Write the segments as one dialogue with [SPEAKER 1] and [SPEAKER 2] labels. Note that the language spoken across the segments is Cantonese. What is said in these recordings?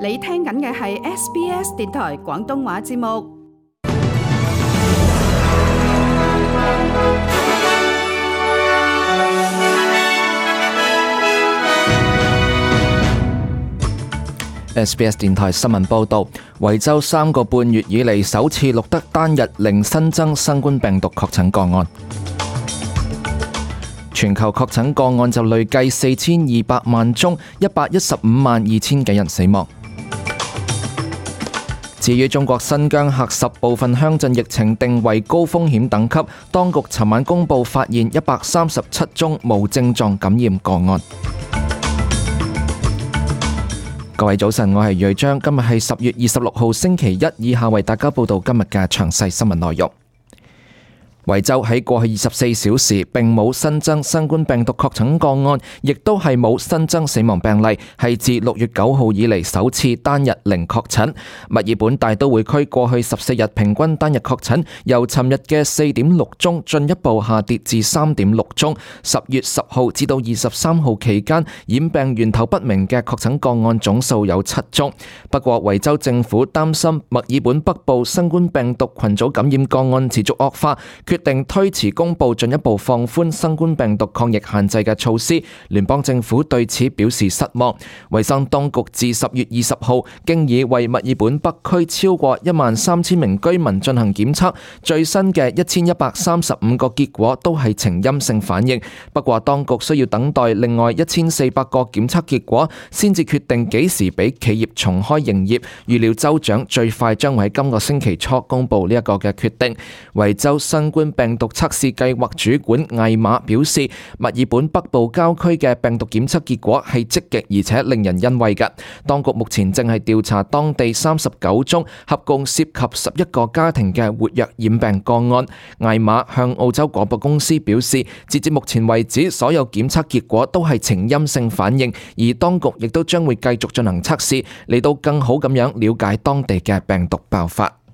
[SPEAKER 1] 你聽緊嘅係 SBS 電台廣東話節目。SBS 電台新聞報道：維州三個半月以嚟首次錄得單日零新增新冠病毒確診個案。全球確診個案就累計四千二百萬宗，一百一十五萬二千幾人死亡。至於中國新疆喀什部分鄉鎮疫情定為高風險等級，當局尋晚公布發現一百三十七宗無症狀感染個案。 各位早晨，我係瑞章，今日係十月二十六號星期一，以下為大家報道今日嘅詳細新聞內容。維州喺過去二十四小時並冇新增新冠病毒確診個案，亦都係冇新增死亡病例，係自六月九號以嚟，首次單日零確診。墨爾本大都會區過去十四日平均單日確診由尋日嘅四點六宗進一步下跌至三點六宗。十月十號至到二十三號期間，染病源頭不明嘅確診個案總數有七宗。不過，維州政府擔心墨爾本北部新冠病毒群組感染個案持續惡化，決定推遲公布進一步放寬新冠病毒抗疫限制嘅措施，聯邦政府對此表示失望。衛生當局至十月二十號，經已為墨爾本北區超過一萬三千名居民進行檢測，最新嘅一千一百三十五個結果都係呈陰性反應。不過當局需要等待另外一千四百個檢測結果，先至決定幾時俾企業重開營業。預料州長最快將會喺今個星期初公布呢一個嘅決定。維州新冠。病毒測試計劃主管艾瑪表示，墨爾本北部郊區嘅病毒檢測結果係積極而且令人欣慰嘅。當局目前正係調查當地三十九宗合共涉及十一個家庭嘅活躍染病個案。艾瑪向澳洲廣播公司表示，截至目前為止，所有檢測結果都係呈陰性反應，而當局亦都將會繼續進行測試，嚟到更好咁樣了解當地嘅病毒爆發。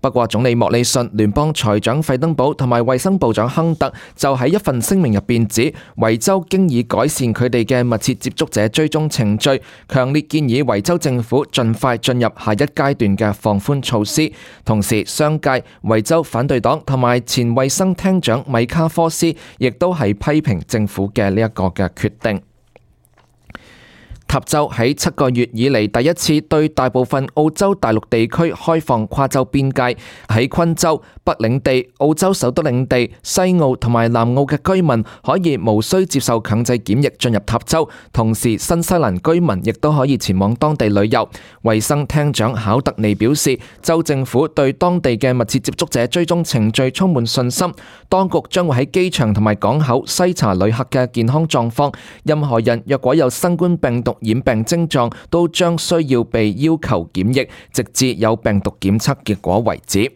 [SPEAKER 1] 不過，總理莫里遜、聯邦財長費登堡同埋衞生部長亨特就喺一份聲明入邊指，維州經已改善佢哋嘅密切接觸者追蹤程序，強烈建議維州政府盡快進入下一階段嘅放寬措施。同時，商界、維州反對黨同埋前衞生廳長米卡科斯亦都係批評政府嘅呢一個嘅決定。塔州喺七個月以嚟第一次對大部分澳洲大陸地區開放跨州邊界，喺昆州、北領地、澳洲首都領地、西澳同埋南澳嘅居民可以無需接受強制檢疫進入塔州，同時新西蘭居民亦都可以前往當地旅遊。衛生廳長考特尼表示，州政府對當地嘅密切接觸者追蹤程序充滿信心，當局將會喺機場同埋港口篩查旅客嘅健康狀況。任何人若果有新冠病毒，染病症狀都將需要被要求檢疫，直至有病毒檢測結果為止。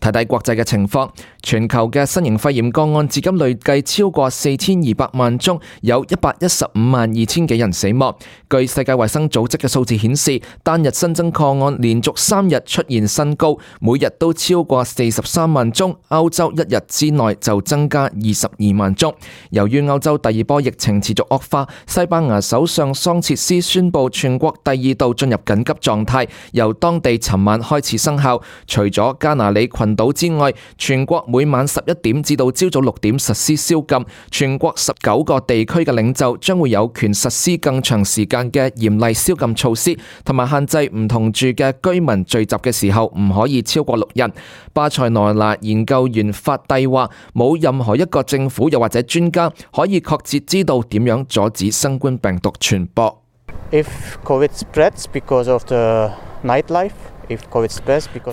[SPEAKER 1] 睇睇國際嘅情況。全球嘅新型肺炎個案至今累計超過四千二百萬宗，有一百一十五萬二千幾人死亡。據世界衛生組織嘅數字顯示，單日新增個案連續三日出現新高，每日都超過四十三萬宗。歐洲一日之內就增加二十二萬宗。由於歐洲第二波疫情持續惡化，西班牙首相桑切斯宣布全國第二度進入緊急狀態，由當地尋晚開始生效。除咗加那利群島之外，全國。每晚十一點至到朝早六點實施宵禁，全國十九個地區嘅領袖將會有權實施更長時間嘅嚴厲宵禁措施，同埋限制唔同住嘅居民聚集嘅時候唔可以超過六人。巴塞羅那研究員法蒂話：冇任何一個政府又或者專家可以確切知道點樣阻止新冠病毒傳播。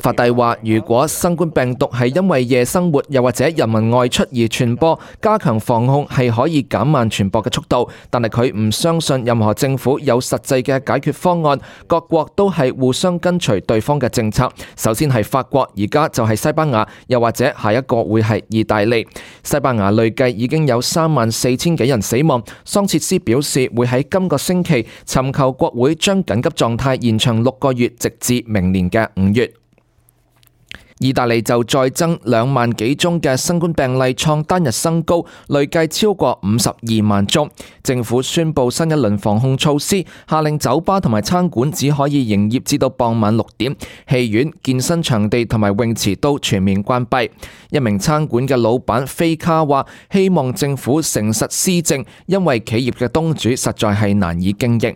[SPEAKER 1] 法帝話：如果新冠病毒係因為夜生活又或者人民外出而傳播，加強防控係可以減慢傳播嘅速度。但係佢唔相信任何政府有實際嘅解決方案。各國都係互相跟隨對方嘅政策。首先係法國，而家就係西班牙，又或者下一個會係意大利。西班牙累計已經有三萬四千幾人死亡。桑切斯表示會喺今個星期尋求國會將緊急狀態延長六個月，直至明年嘅五月，意大利就再增兩萬幾宗嘅新冠病例，創單日新高，累計超過五十二萬宗。政府宣布新一輪防控措施，下令酒吧同埋餐館只可以營業至到傍晚六點，戲院、健身場地同埋泳池都全面關閉。一名餐館嘅老闆菲卡話，希望政府誠實施政，因為企業嘅東主實在係難以經營。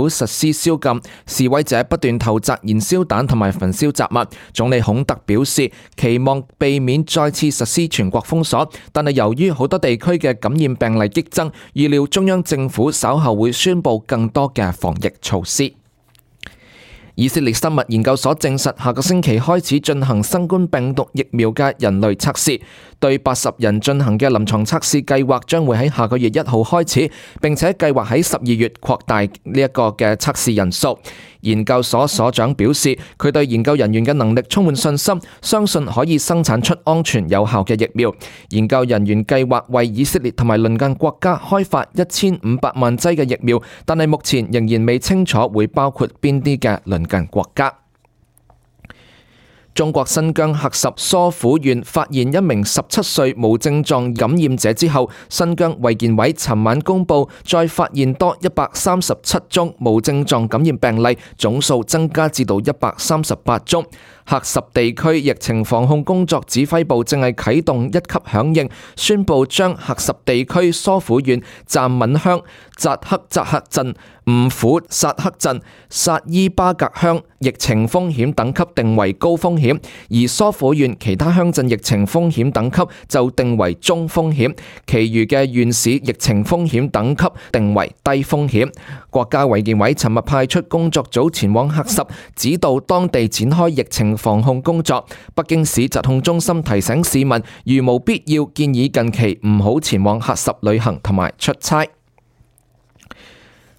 [SPEAKER 1] 實施宵禁，示威者不斷投擲燃燒彈同埋焚燒雜物。總理孔特表示期望避免再次實施全國封鎖，但係由於好多地區嘅感染病例激增，預料中央政府稍後會宣布更多嘅防疫措施。以色列生物研究所證實，下個星期開始進行新冠病毒疫苗嘅人類測試。對八十人進行嘅臨床測試計劃將會喺下個月一號開始，並且計劃喺十二月擴大呢一個嘅測試人數。研究所所長表示，佢對研究人員嘅能力充滿信心，相信可以生產出安全有效嘅疫苗。研究人員計劃為以色列同埋鄰近國家開發一千五百萬劑嘅疫苗，但係目前仍然未清楚會包括邊啲嘅鄰近近國家，中國新疆喀什疏附縣發現一名十七歲無症狀感染者之後，新疆衛健委尋晚公布，再發現多一百三十七宗無症狀感染病例，總數增加至到一百三十八宗。喀什地區疫情防控工作指揮部正係啟動一級響應，宣布將喀什地區疏附縣站敏鄉、扎克扎克鎮、吾庫薩克鎮、薩伊巴格鄉疫情風險等級定為高風險，而疏附縣其他鄉鎮疫情風險等級就定為中風險，其餘嘅縣市疫情風險等級定為低風險。國家衛健委尋日派出工作組前往喀什，指導當地展開疫情。防控工作，北京市疾控中心提醒市民，如無必要，建議近期唔好前往喀什旅行同埋出差。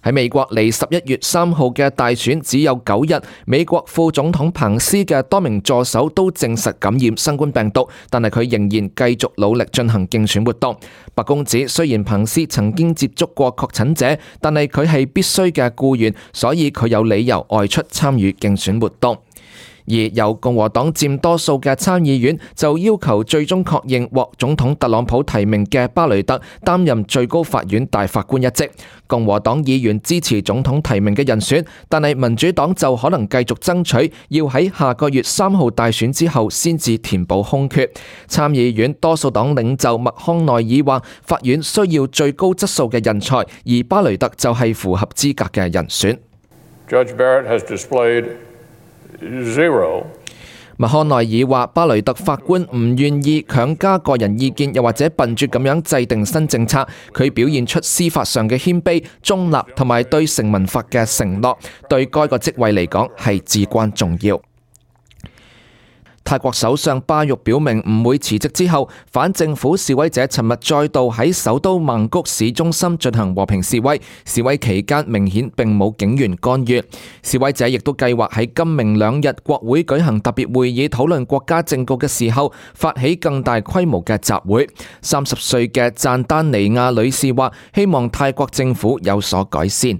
[SPEAKER 1] 喺美國離十一月三號嘅大選只有九日，美國副總統彭斯嘅多名助手都證實感染新冠病毒，但係佢仍然繼續努力進行競選活動。白宮指雖然彭斯曾經接觸過確診者，但係佢係必須嘅僱員，所以佢有理由外出參與競選活動。而由共和黨佔多數嘅參議院就要求最終確認獲總統特朗普提名嘅巴雷特擔任最高法院大法官一職。共和黨議員支持總統提名嘅人選，但係民主黨就可能繼續爭取，要喺下個月三號大選之後先至填補空缺。參議院多數黨領袖麥康奈爾話：法院需要最高質素嘅人才，而巴雷特就係符合資格嘅人選。麥康奈爾話：巴雷特法官唔願意強加個人意見，又或者笨拙咁樣制定新政策。佢表現出司法上嘅謙卑、中立同埋對成文法嘅承諾，對該個職位嚟講係至關重要。泰國首相巴育表明唔會辭職之後，反政府示威者尋日再度喺首都曼谷市中心進行和平示威。示威期間明顯並冇警員干預。示威者亦都計劃喺今明兩日國會舉行特別會議，討論國家政局嘅時候發起更大規模嘅集會。三十歲嘅贊丹尼亞女士話，希望泰國政府有所改善。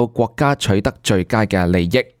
[SPEAKER 1] 國家取得最佳嘅利益。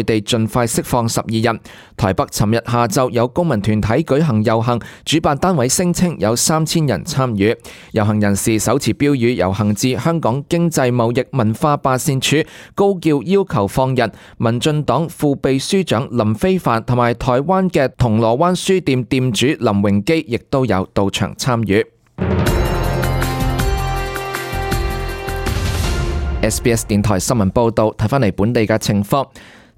[SPEAKER 1] 佢哋盡快釋放十二人。台北尋日下晝有公民團體舉行遊行，主辦單位聲稱有三千人參與。遊行人士手持標語遊行至香港經濟貿易文化辦事處，高叫要求放人。民進黨副秘書長林飛帆同埋台灣嘅銅鑼灣書店店主林榮基亦都有到場參與。SBS 電台新聞報道，睇翻嚟，本地嘅情況。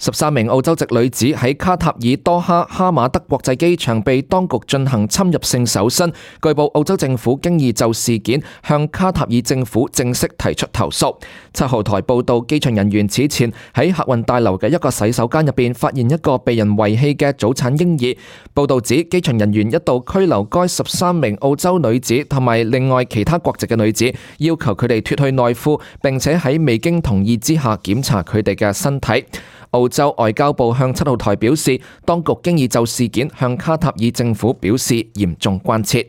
[SPEAKER 1] 十三名澳洲籍女子喺卡塔爾多哈哈馬德國際機場被當局進行侵入性搜身，據報澳洲政府經已就事件向卡塔爾政府正式提出投訴。七號台報道，機場人員此前喺客運大樓嘅一個洗手間入邊發現一個被人遺棄嘅早產嬰兒。報道指，機場人員一度拘留該十三名澳洲女子同埋另外其他國籍嘅女子，要求佢哋脫去內褲，並且喺未經同意之下檢查佢哋嘅身體。澳洲外交部向七號台表示，當局經已就事件向卡塔爾政府表示嚴重關切。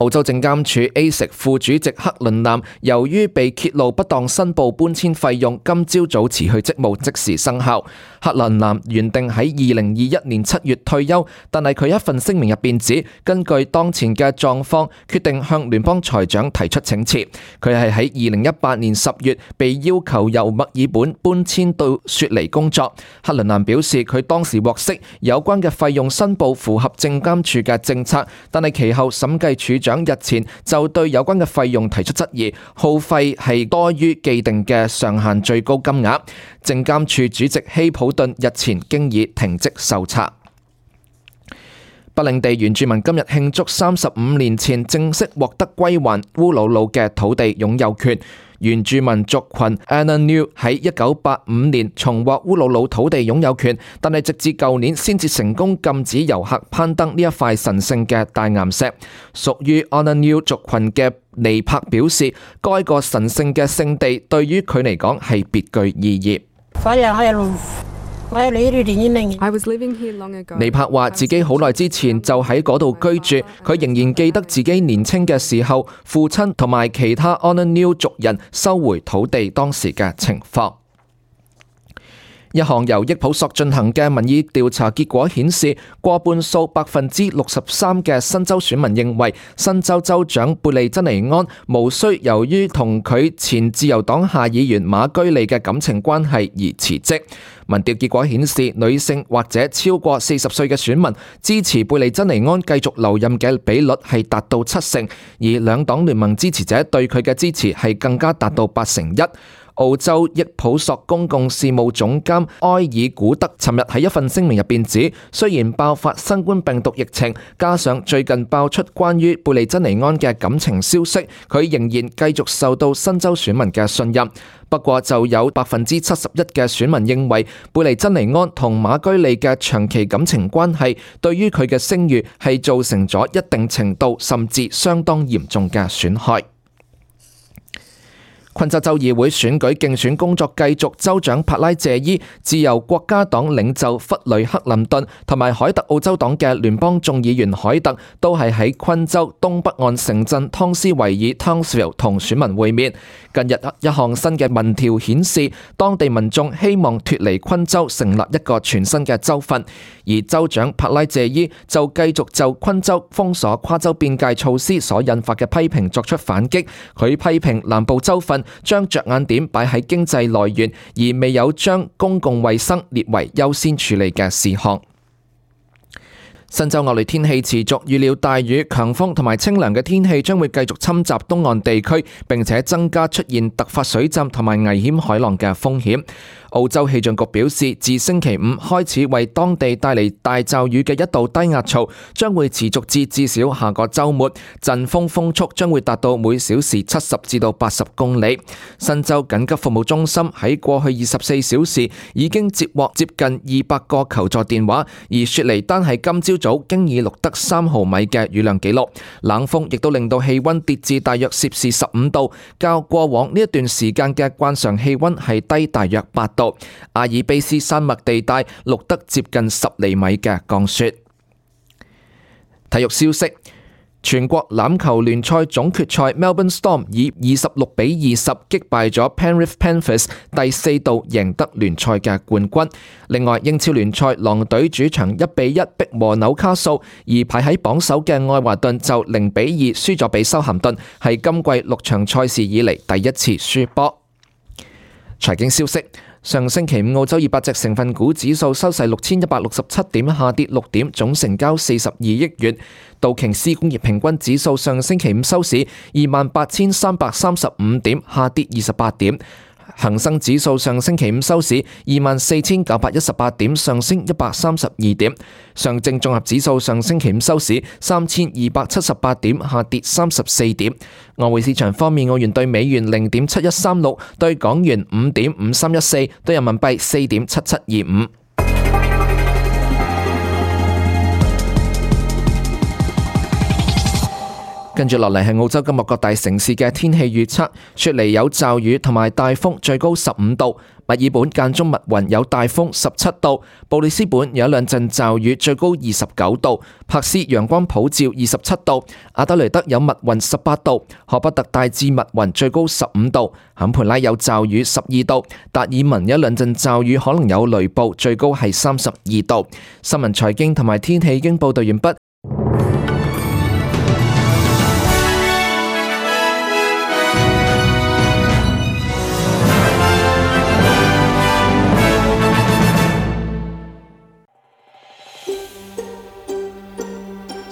[SPEAKER 1] 澳洲證監處 ASIC 副主席克倫南，由於被揭露不當申報搬遷費用，今朝早，早辭去職務，即時生效。克倫南原定喺二零二一年七月退休，但係佢一份聲明入邊指，根據當前嘅狀況，決定向聯邦財長提出請辭。佢係喺二零一八年十月被要求由墨爾本搬遷到雪梨工作。克倫南表示，佢當時獲悉有關嘅費用申報符合證監處嘅政策，但係其後審計處長日前就對有關嘅費用提出質疑，耗費係多於既定嘅上限最高金額。證監處主席希普頓日前經已停職受查。北領地原住民今日慶祝三十五年前正式獲得歸還烏魯魯嘅土地擁有權。原住民族群 Ananu 喺1985年重獲烏魯魯土地擁有權，但係直至舊年先至成功禁止遊客攀登呢一塊神聖嘅大岩石。屬於 Ananu 族群嘅尼柏表示，該個神聖嘅聖地對於佢嚟講係別具意義。尼柏話自己好耐之前就喺嗰度居住，佢仍然記得自己年輕嘅時候，父親同埋其他 Onanu 族人收回土地當時嘅情況。一項由益普索進行嘅民意調查結果顯示，過半數（百分之六十三）嘅新州選民認為，新州州長貝利·珍尼安無需由於同佢前自由黨下議員馬居利嘅感情關係而辭職。民調結果顯示，女性或者超過四十歲嘅選民支持貝利·珍尼安繼續留任嘅比率係達到七成，而兩黨聯盟支持者對佢嘅支持係更加達到八成一。澳洲益普索公共事務總監埃爾古德尋日喺一份聲明入邊指，雖然爆發新冠病毒疫情，加上最近爆出關於貝利珍尼安嘅感情消息，佢仍然繼續受到新州選民嘅信任。不過就有百分之七十一嘅選民認為，貝利珍尼安同馬居利嘅長期感情關係，對於佢嘅聲譽係造成咗一定程度甚至相當嚴重嘅損害。昆州州議會選舉競選工作繼續，州長帕拉謝伊、自由國家黨領袖弗雷克林頓同埋凱特澳洲黨嘅聯邦眾議員凱特都係喺昆州東北岸城鎮湯斯維爾湯斯維爾同選民會面。近日一項新嘅民調顯示，當地民眾希望脫離昆州，成立一個全新嘅州份。而州長柏拉謝伊就繼續就昆州封鎖跨州邊界措施所引發嘅批評作出反擊。佢批評南部州份將着眼點擺喺經濟來源，而未有將公共衛生列為優先處理嘅事項。新州惡劣天氣持續，預料大雨、強風同埋清涼嘅天氣將會繼續侵襲東岸地區，並且增加出現突發水浸同埋危險海浪嘅風險。澳洲氣象局表示，自星期五開始為當地帶嚟大驟雨嘅一道低壓槽將會持續至至少下個周末，陣風風速將會達到每小時七十至到八十公里。新州緊急服務中心喺過去二十四小時已經接獲接近二百個求助電話，而雪梨單係今朝早經已錄得三毫米嘅雨量記錄，冷風亦都令到氣温跌至大約攝氏十五度，較過往呢一段時間嘅慣常氣温係低大約八度。阿爾卑斯山脈地帶錄得接近十厘米嘅降雪。體育消息。全國欖球聯賽總決賽，Melbourne Storm 以二十六比二十擊敗咗 Penrith Panthers，第四度贏得聯賽嘅冠軍。另外，英超聯賽狼隊主場一比一逼和紐卡素，而排喺榜首嘅愛華頓就零比二輸咗俾修咸頓，係今季六場賽事以嚟第一次輸波。財經消息。上星期五，澳洲二百隻成分股指數收市六千一百六十七點，下跌六點，總成交四十二億元。道瓊斯工業平均指數上星期五收市二萬八千三百三十五點，下跌二十八點。恒生指數上星期五收市二萬四千九百一十八點，上升一百三十二點。上證綜合指數上星期五收市三千二百七十八點，下跌三十四點。外匯市場方面，澳元對美元零點七一三六，對港元五點五三一四，對人民幣四點七七二五。跟住落嚟係澳洲今日各大城市嘅天氣預測：雪梨有驟雨同埋大風，最高十五度；墨爾本間中密雲有大風，十七度；布里斯本有一兩陣驟雨，最高二十九度；帕斯陽光普照，二十七度；阿德雷德有密雲，十八度；荷伯特大致密雲，最高十五度；坎培拉有驟雨，十二度；達爾文有一兩陣驟雨，可能有雷暴，最高係三十二度。新聞、財經同埋天氣已經報道完畢。